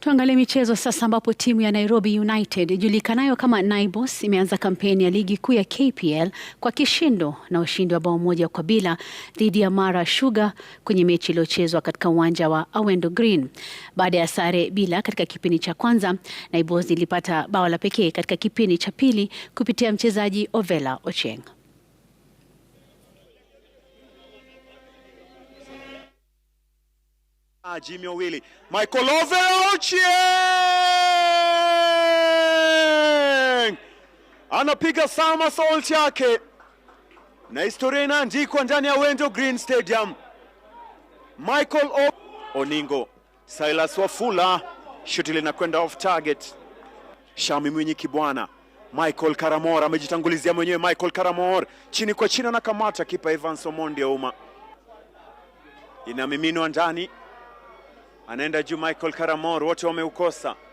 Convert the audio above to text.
Tuangalie michezo sasa ambapo timu ya Nairobi United ijulikanayo kama naibos imeanza kampeni ya ligi kuu ya KPL kwa kishindo na ushindi wa bao moja kwa bila dhidi ya Mara Sugar kwenye mechi iliyochezwa katika uwanja wa Awendo Green. Baada ya sare bila katika kipindi cha kwanza, naibos ilipata bao la pekee katika kipindi cha pili kupitia mchezaji Ovela Ocheng. Ah, Jimmy Owili, Michael Ochieng anapiga somersault yake na historia inaandikwa ndani ya Wendo Green Stadium. Michael o Oningo, Silas Wafula, shuti linakwenda off target. Shami mwenye Kibwana, Michael Karamor amejitangulizia mwenyewe. Michael Karamor chini kwa chini anakamata kipa Evans Omondi Ouma, inamiminwa ndani anaenda juu Michael Karamor, wote wameukosa